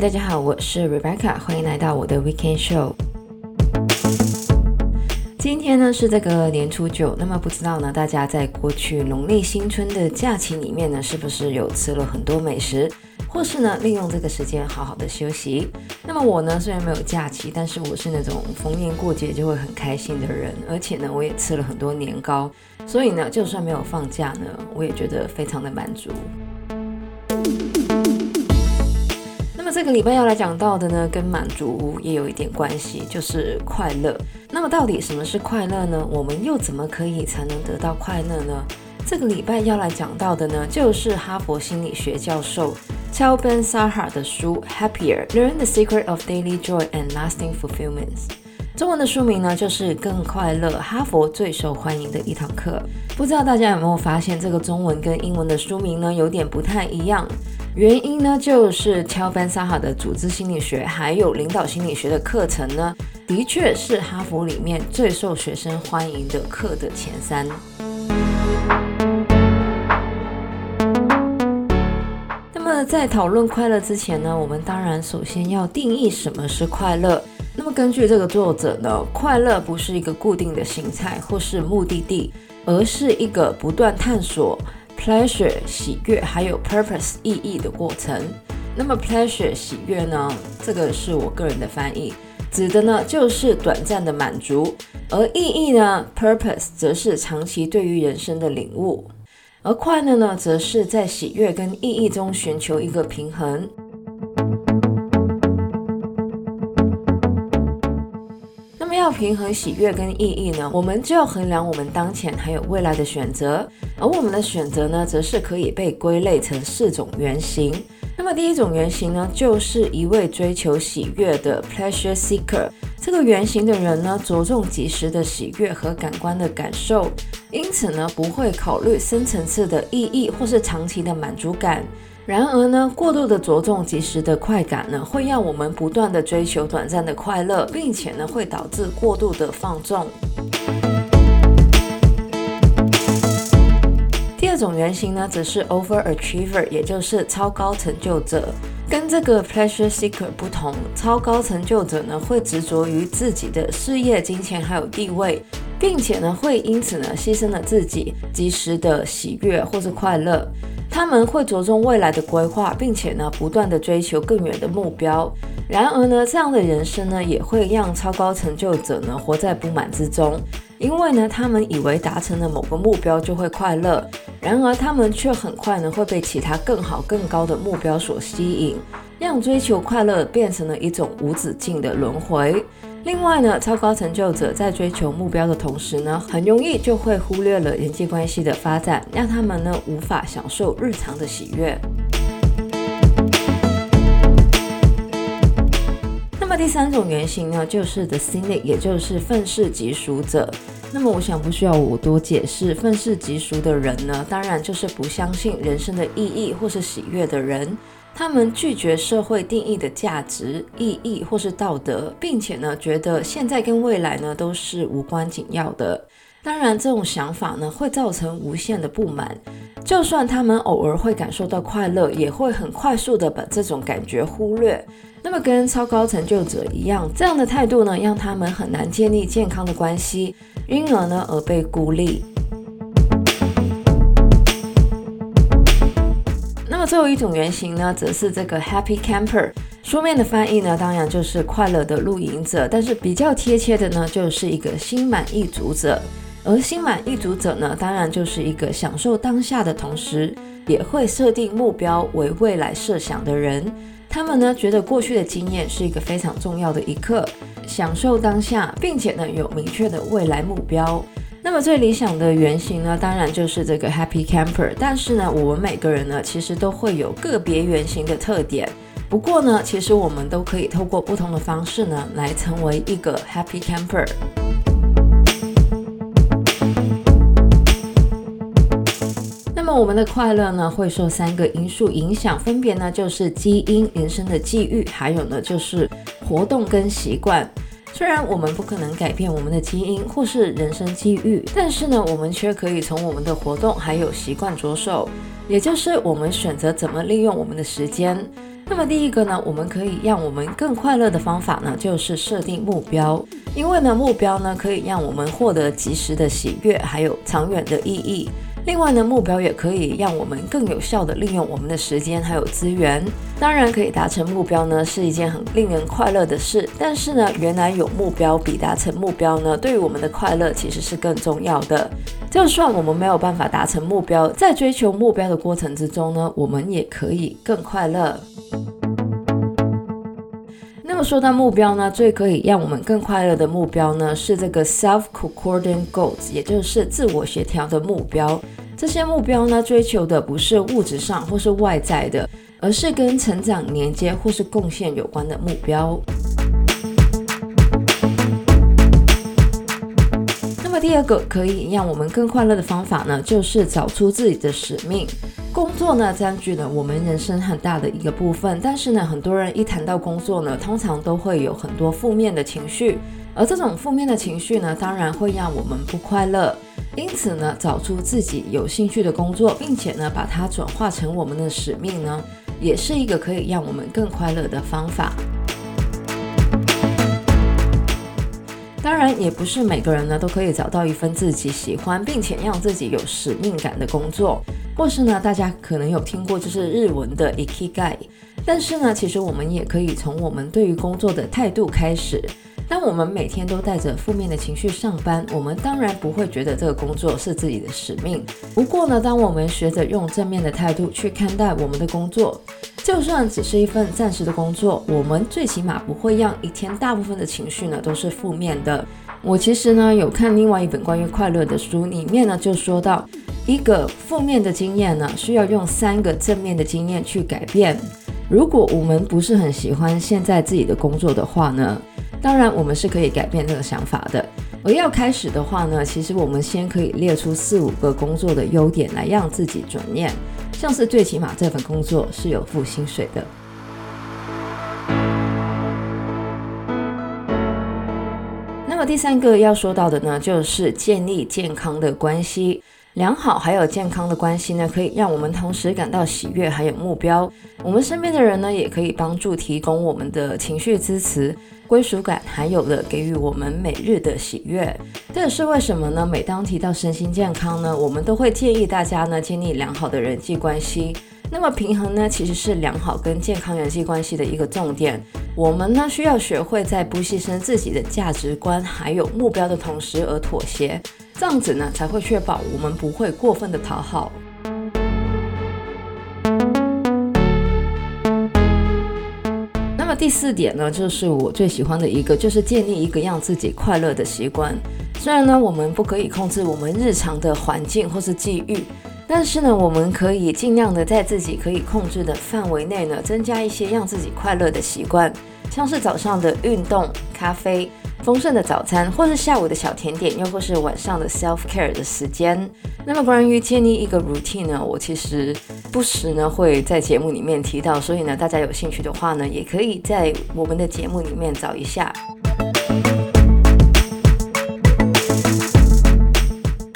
大家好，我是 Rebecca，歡迎來到我的 Weekend Show。今天呢是這個年初九，那麼不知道呢，大家在過去農曆新春的假期裡面呢，是不是有吃了很多美食，或是呢利用這個時間好好的休息？那麼我呢雖然沒有假期，但是我是那種逢年過節就會很開心的人，而且呢我也吃了很多年糕，所以呢就算沒有放假呢，我也覺得非常的滿足。那這個禮拜要來講到的呢，跟滿足也有一點關係，就是快樂。那麼到底什麼是快樂呢？我們又怎麼可以才能得到快樂呢？這個禮拜要來講到的呢，就是哈佛心理學教授塔爾·班夏哈的書《Happier: Learn the Secret of Daily Joy and Lasting Fulfillment》。中文的書名呢，就是《更快樂：哈佛最受歡迎的一堂課》。不知道大家有沒有發現，這個中文跟英文的書名呢，有點不太一樣。原因呢，就是 Tal Ben-Shahar 的組織心理學還有領導心理學的課程呢，的確是哈佛裡面最受學生歡迎的課的前三。 那麼在討論快樂之前呢，我們當然首先要定義什麼是快樂。根據這個作者呢，快樂不是一個固定的形態或是目的地，而是一個不斷探索 pleasure 喜悅還有 purpose 意義的過程。那麼 pleasure 喜悅呢，這個是我個人的翻譯，指的呢就是短暫的滿足，而意義呢 purpose 則是長期對於人生的領悟，而快樂呢，則是在喜悅跟意義中尋求一個平衡。要平衡喜悅跟意義呢，我們就要衡量我們當前還有未來的選擇，而我們的選擇呢，則是可以被歸類成四種原型。那麼第一種原型呢，就是一味追求喜悅的 pleasure seeker，這個原型的人呢，着重即時的喜悅和感官的感受，因此呢，不會考慮深層次的意義或是長期的滿足感。然而呢，過度的着重即時的快感呢，會讓我們不斷的追求短暫的快樂，並且呢，會導致過度的放縱。第二種原型呢，則是 overachiever，也就是超高成就者，跟這個 pleasure seeker 不同，超高成就者呢，會執着於自己的事業、金錢還有地位，並且呢，會因此呢，犧牲了自己即時的喜悅或是快樂。他們會着重未來的規劃，並且呢，不斷地追求更遠的目標。然而呢，這樣的人生呢，也會讓超高成就者呢，活在不滿之中，因為呢，他們以為達成了某個目標就會快樂，然而他們卻很快呢，會被其他更好更高的目標所吸引，讓追求快樂變成了一種無止境的輪回。另外呢，超高成就者在追求目標的同時呢，很容易就會忽略了人際關係的發展，讓他們呢無法享受日常的喜悅。那麼第三種原型呢，就是 the cynic，也就是憤世嫉俗者。那麼我想不需要我多解釋，憤世嫉俗的人呢，當然就是不相信人生的意義或是喜悅的人。他們拒絕社會定義的價值、意義或是道德，並且呢，覺得現在跟未來呢都是無關緊要的。當然，這種想法呢會造成無限的不滿。就算他們偶爾會感受到快樂，也會很快速地把這種感覺忽略。那麼，跟超高成就者一樣，這樣的態度呢，讓他們很難建立健康的關係，因而呢而被孤立。最後一種原型呢，則是這個 Happy Camper。書面的翻譯呢，當然就是快樂的露營者，但是比較貼切的呢，就是一個心滿意足者。而心滿意足者呢，當然就是一個享受當下的同時，也會設定目標為未來設想的人。他們呢，覺得過去的經驗是一個非常重要的一課，享受當下，並且呢，有明確的未來目標。那麼最理想的原型呢，當然就是這個 Happy Camper。但是呢，我們每個人呢，其實都會有個別原型的特點。不過呢，其實我們都可以透過不同的方式呢，來成為一個 Happy Camper。那麼我們的快樂呢，會受三個因素影響，分別呢就是基因、人生的際遇，還有呢就是活動跟習慣。雖然我們不可能改變我們的基因或是人生機遇，但是呢，我們卻可以從我們的活動還有習慣着手，也就是我們選擇怎麼利用我們的時間。那麼第一個呢，我們可以讓我們更快樂的方法呢，就是設定目標，因為呢，目標呢可以讓我們獲得及時的喜悅，還有長遠的意義。另外呢，目標也可以讓我們更有效地利用我們的時間還有資源。當然，可以達成目標呢，是一件很令人快樂的事。但是呢，原來有目標比達成目標呢，對於我們的快樂其實是更重要的。就算我們沒有辦法達成目標，在追求目標的過程之中呢，我們也可以更快樂。說到目標呢，最可以讓我們更快樂的目標呢，是這個 self-coordinate goals，也就是自我協調的目標。這些目標呢，追求的不是物質上或是外在的，而是跟成長連接或是貢獻有關的目標。那麼第二個可以讓我們更快樂的方法呢，就是找出自己的使命。工作呢，佔據了我們人生很大的一個部分。但是呢，很多人一談到工作呢，通常都會有很多負面的情緒。而這種負面的情緒呢，當然會讓我們不快樂。因此呢，找出自己有興趣的工作，並且呢，把它轉化成我們的使命呢，也是一個可以讓我們更快樂的方法。當然，也不是每個人呢，都可以找到一份自己喜歡並且讓自己有使命感的工作。或是呢，大家可能有聽過就是日文的 ikigai，但是呢，其實我們也可以從我們對於工作的態度開始。當我們每天都帶着負面的情緒上班，我們當然不會覺得這個工作是自己的使命。不過呢，當我們學着用正面的態度去看待我們的工作，就算只是一份暫時的工作，我們最起碼不會讓一天大部分的情緒呢，都是負面的。我其實呢有看另外一本關於快樂的書，裡面呢就說到，一個負面的經驗呢需要用三個正面的經驗去改變。如果我們不是很喜歡現在自己的工作的話呢，當然我們是可以改變這個想法的。而要開始的話呢，其實我們先可以列出四五個工作的優點來讓自己轉念，像是最起碼這份工作是有付薪水的。第三個要說到的呢，就是建立健康的關係，良好還有健康的關係呢，可以讓我們同時感到喜悅還有目標。我們身邊的人呢，也可以幫助提供我們的情緒支持、歸屬感，還有了給予我們每日的喜悅。這也是為什麼呢？每當提到身心健康呢，我們都會建議大家呢，建立良好的人際關係。那麼平衡呢，其實是良好跟健康人際關係的一個重點。我們呢，需要學會在不犧牲自己的價值觀還有目標的同時而妥協，這樣子呢，才會確保我們不會過分的討好。那麼第四點呢，就是我最喜歡的一個，就是建立一個讓自己快樂的習慣。雖然呢，我們不可以控制我們日常的環境或是際遇，但是呢，我們可以盡量的在自己可以控制的範圍內呢，增加一些讓自己快樂的習慣。像是早上的運動、咖啡、豐盛的早餐，或是下午的小甜點，又或是晚上的 self care 的時間。那麼關於建立一個 routine 呢，我其實不時呢會在節目裡面提到，所以呢大家有興趣的話呢，也可以在我們的節目裡面找一下。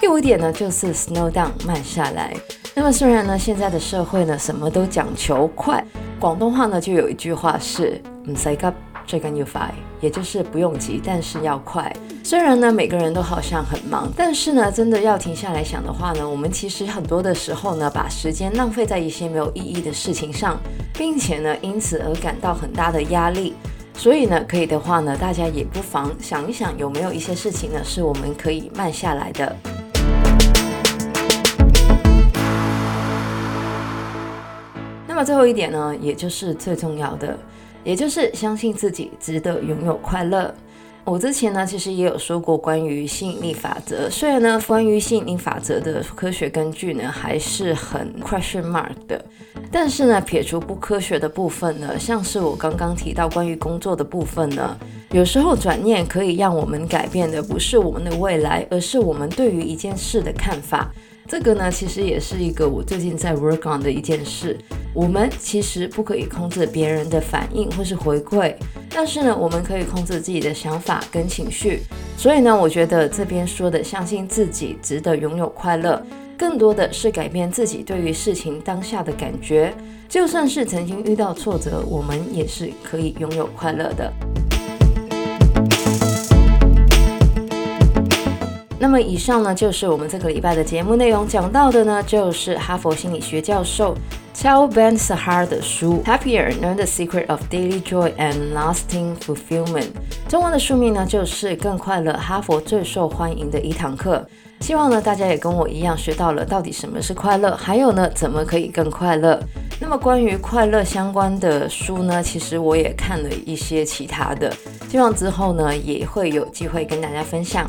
第五點呢，就是 slow down 慢下來。那麼雖然呢現在的社會呢什麼都講求快，廣東話呢就有一句話是。second, e c n you f i n 也就是不用急，但是要快。雖然呢，每個人都好像很忙，但是呢，真的要停下來想的話呢，我們其實很多的時候呢，把時間浪費在一些沒有意義的事情上，並且呢，因此而感到很大的壓力。所以呢，可以的話呢，大家也不妨想一想，有沒有一些事情呢，是我們可以慢下來的。那麼最後一點呢，也就是最重要的。也就是相信自己值得擁有快樂。我之前呢，其實也有說過關於吸引力法則。雖然呢，關於吸引力法則的科學根據呢，還是很 question mark 的，但是呢，撇除不科學的部分呢，像是我剛剛提到關於工作的部分呢，有時候轉念可以讓我們改變的不是我們的未來，而是我們對於一件事的看法。這個呢，其實也是一個我最近在 work on 的一件事。我們其實不可以控制別人的反應或是回饋，但是呢，我們可以控制自己的想法跟情緒。所以呢，我覺得這邊說的相信自己值得擁有快樂，更多的是改變自己對於事情當下的感覺。就算是曾經遇到挫折，我們也是可以擁有快樂的。那麼以上呢，就是我們這個禮拜的節目內容。講到的呢，就是哈佛心理學教授 Tal Ben-Shahar 的書《Happier: Learn the Secret of Daily Joy and Lasting Fulfillment》。中文的書名呢，就是《更快樂：哈佛最受歡迎的一堂課》。希望呢，大家也跟我一樣學到了到底什麼是快樂，還有呢，怎麼可以更快樂。那麼關於快樂相關的書呢，其實我也看了一些其他的，希望之後呢，也會有機會跟大家分享。